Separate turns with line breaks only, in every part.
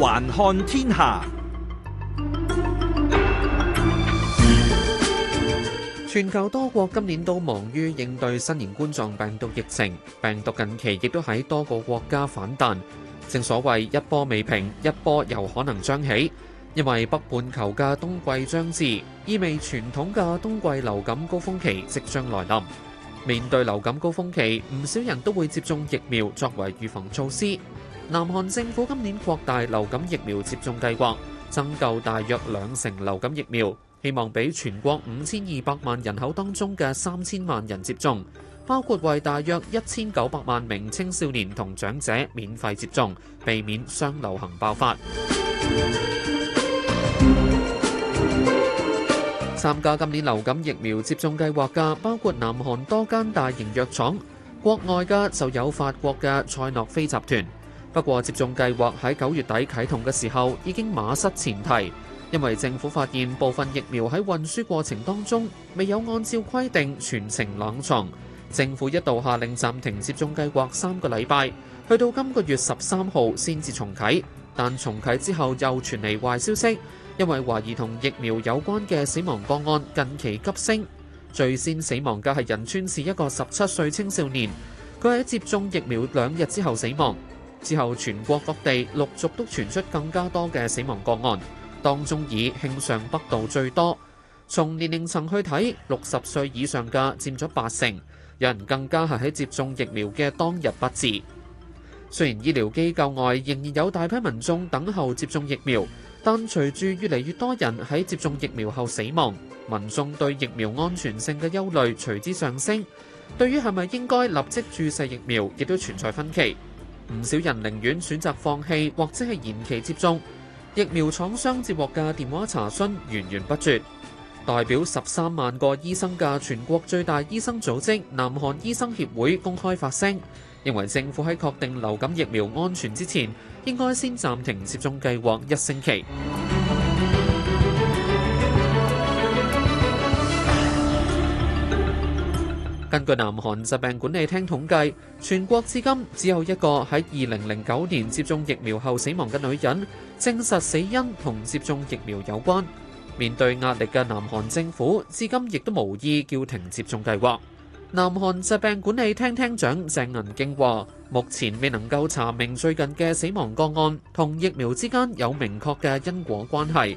環看天下，全球多國今年都忙於應對新型冠狀病毒疫情，病毒近期亦都喺多個國家反彈。正所謂一波未平，一波又可能將起，因為北半球嘅冬季將至，意味傳統嘅冬季流感高峰期即將來臨。面對流感高峰期，唔少人都會接種疫苗作為預防措施。南韓政府今年擴大流感疫苗接種計劃，增購大約兩成流感疫苗，希望俾全國五千二百萬人口當中嘅三千萬人接種，包括為大約一千九百萬名青少年同長者免費接種，避免雙流行爆發。參加今年流感疫苗接種計劃嘅包括南韓多間大型藥廠，國外嘅就有法國嘅賽諾菲集團。不過接種計劃喺九月底啟動嘅時候已經馬失前蹄，因為政府發現部分疫苗喺運輸過程當中未有按照規定全程冷藏。政府一度下令暫停接種計劃三個禮拜，去到今個月十三號先至重啟。但重啟之後又傳嚟壞消息，因為懷疑同疫苗有關嘅死亡個案近期急升。最先死亡嘅係仁川市一個十七歲青少年，佢喺接種疫苗兩日之後死亡。之後，全國各地陸續都傳出更加多嘅死亡個案，當中以慶尚北道最多。從年齡層去睇，六十歲以上嘅佔咗八成，有人更加係喺接種疫苗嘅當日不治。雖然醫療機構外仍然有大批民眾等候接種疫苗，但隨住越嚟越多人喺接種疫苗後死亡，民眾對疫苗安全性嘅憂慮隨之上升。對於係咪應該立即注射疫苗，亦都存在分歧。唔少人寧願選擇放棄或者係延期接種。疫苗廠商接獲嘅電話查詢源源不絕，代表十三萬個醫生嘅全國最大醫生組織南韓醫生協會公開發聲，認為政府喺確定流感疫苗安全之前，應該先暫停接種計劃一星期。根據南韓疾病管理廳統計，全國至今只有一個喺二零零九年接種疫苗後死亡嘅女人，證實死因同接種疫苗有關。面對壓力嘅南韓政府，至今亦都無意叫停接種計劃。南韓疾病管理廳廳廳長鄭銀敬話：目前未能夠查明最近嘅死亡個案同疫苗之間有明確嘅因果關係。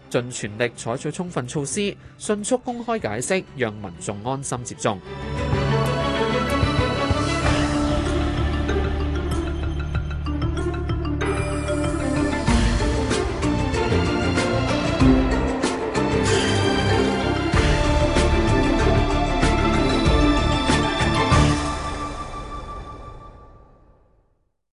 盡全力採取充分措施，迅速公開解釋，讓民眾安心接種。